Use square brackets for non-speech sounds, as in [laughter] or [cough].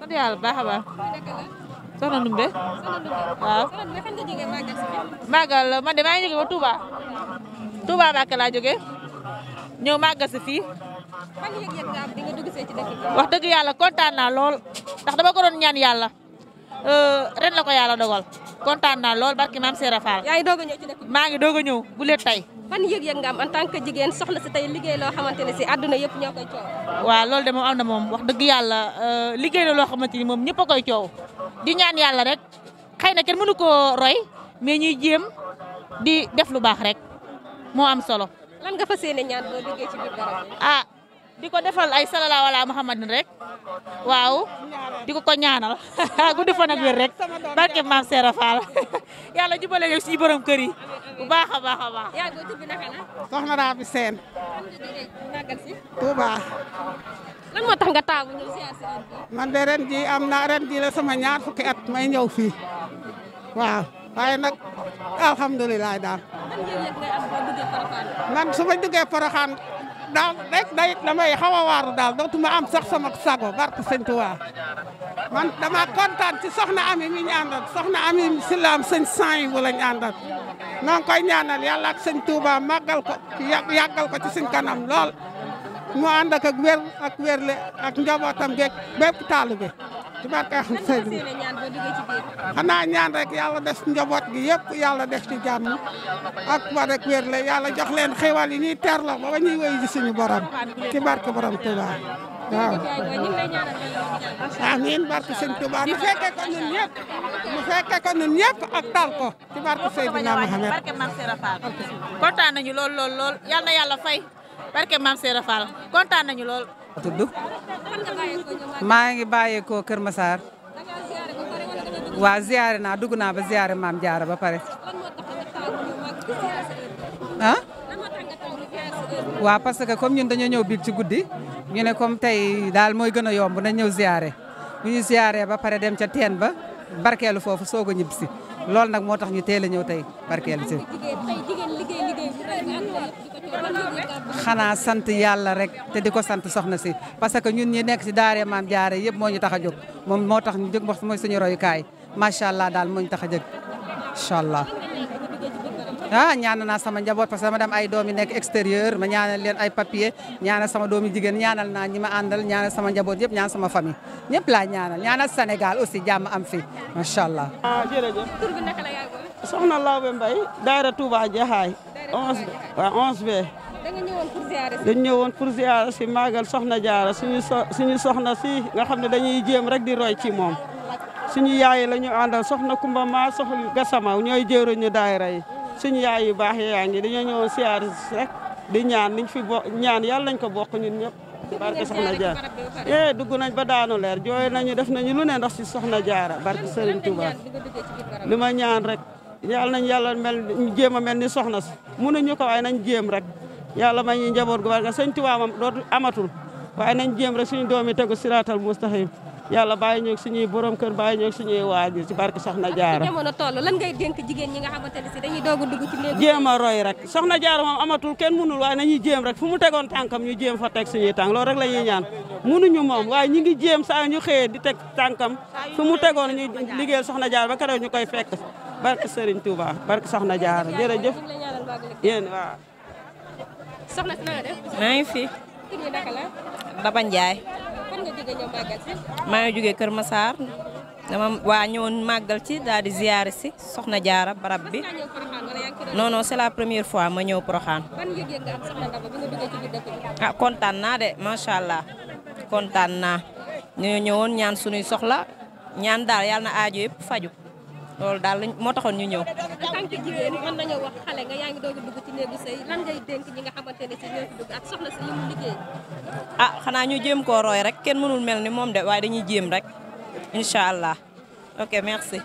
sant yàlla baax a baax. soxna Ndumbe. soxna Ndumbe waaw. soxna Ndumbe fan nga jógee màggal si. màggal ba Touba. Touba Mbacké laa jógee. ñëw màggal si fii. fan yëg-yëg nga am bi nga dugg see ci wax dama ko ñaan ren la ko yàlla dogal kontaan naa lool barki maam Seera Fall. yaa ngi ci ngi bu ban yëg-yëg nga am en tant que jigéen soxna si tey liggéey loo xamante ne si àdduna yëpp ñoo koy coow. waaw loolu de moom am na moom wax dëgg yàlla euh, liggéey la loo xamante ni moom ñëpp koy coow di ñaan yàlla rek xëy na kenn mënu koo roy mais ñuy jéem di def lu baax rek moo am solo. lan nga fas yéene ñaan boo liggéey ci biir garab ah di ko defal ay salallaahu alaa muhammadin rek waaw di ko ko ñaanal [laughs] gudd fan ak wér rek barke maam Seera Fall [laughs] yàlla jubale ñu si borom kër yi bu baax a baax a baax. yaa ngi tudd naka la. soxna Rabi Seen. Touba. lan moo tax nga taamu man de ren am na ren ji la sama ñaar fukki at may ñëw fii waaw waaye nag alhamdulilah daal. man su ma duggee Porokhane. daal rek day damay xaw a daal dootuma am sax sama sago barke sëñ Tuubaa man dama kontaan ci soxna Ami mi ñu àndal soxna Ami si laam sëñ sang yi bu lañ àndal noo ñaanal yàlla ak sëñ Tuubaa màggal ko yàggal ko ci suñ kanam lool mu ànd ak ak wér ak wérle ak njabootam geeg bépp taalibe ci barke xam xanaa ñaan rek yàlla def njaboot gi yëpp yàlla des ci jàmm ak ba rek wér la yàlla jox leen xéwal yi ñuy teer la ba ba ñuy wéy ji suñu borom ci barke borom Touba waaw. barke sëñ Touba mu fekke ko ñun ñëpp mu fekke ko ñun ñëpp ak tal ci barke Seydina Mohamed kontaan nañu lool lool lool yal na yàlla fay barke Mame Serap Fall kontaan nañu lool. tudd maa ngi bàyyeekoo Kër Massar waa ziyaare naa dugg naa ba ziyaare maam jaara ba pare ah waa parce que comme ñun dañoo ñëw biig ci guddi ñu ne comme tey daal mooy gën a yomb nañ ñëw ziyaare bu ñu ziyaaree ba pare dem ca teen ba barkeelu foofu soog a ñibbisi loolu nag moo tax ñu teel a ñëw tey barkeel si xanaa sant yàlla rek te di ko sant soxna si parce que ñun ñi nekk si daaree maam jaare yëpp moo ñu tax a jóg moom moo tax ñu jóg mooy suñu royukaay macha allah daal moo ñu tax a jóg incha allah ah ñaanal naa sama njaboot parce que dama dem ay doom yu extérieur ma ñaanal ay papier ñaanal sama doomi jigéen ñaanal naa ñi ma àndal ñaanal sama njaboot yëpp ñaanal sama famille ñëpp nyana, ñaanal ñaanal Sénégal aussi amfi, am fi allah. ah jërëjëf tur bi naka la yaay boole. soxna Lawbe Mbaye Daara Touba Jaxaay. onze waaw onze be. dañu ñëwoon pour ziyaare si. dañu pour si soxna jaara suñu suñu soxna si nga xam dañuy jéem rek di roy ci moom suñu yaay la ñu soxna Kumba Ma soxna Gasama ñooy jéeruñu daayira yi suñu yaay yu baax yaa ngi dañoo ñëwoon siyaar rek di ñaan niñ fi bo ñaan yàlla nañ ko bokk ñun ñëpp barke soxna jaara eh dugg nañ ba daanu leer jooy nañu def nañu lu ne ndax si soxna jaara barke Serigne Touba li ma ñaan rek yàlla nañ yàlla mel jéem a mel ni soxna si mënuñu ko waaye nañ jéem rek yàlla may ñu njaboot gu barke Sëñ Touba moom dootu amatul waaye nañ jéem rek suñu doom yi tegu siraatal mustaqim yàlla bàyyi ñoog suñuy borom kër bàyyi ñoog suñuy waajur ci barke Soxna Jaara jamono toll lan ngay dénk jigéen ñi nga xamante ne si dañuy doog a dugg ci néeg jéem a roy rek Soxna Jaara moom amatul kenn mënul waaye nañuy jéem rek fu mu tegoon tànkam ñu jéem fa teg suñuy tànk loolu rek la ñuy ñaan mënuñu moom waaye ñu ngi jéem saa ñu xëyee di teg tànkam fu mu tegoon ñu liggéeyal Soxna Jaara ba keroog ñu koy fekk barke Serigne Touba barke Soxna Jaara jërëjëf yéen waaw soxna si na nga def maa ngi fi Daba Ndiaye maa ngi jógee Kër Massar dama waa ñëwoon màggal ci daadi di si soxna jaara barab bi non non c'est la première fois ma ñëw Poroxaan ah kontaan naa de macha allah kontaan naa ñoo ñëwoon ñaan sunuy soxla ñaan daal yàlla na aajo yëpp faju loolu daal lañ moo taxoon ñu ñëw. en tant que jigéen mën nañoo wax xale nga yaa ngi doog a dugg ci néegu sëy lan ngay dénk ñi nga xamante ne ah, xanaa ñu jéem koo rek kenn mënul mel ni moom de waaye dañuy jéem rek incha allah ok merci.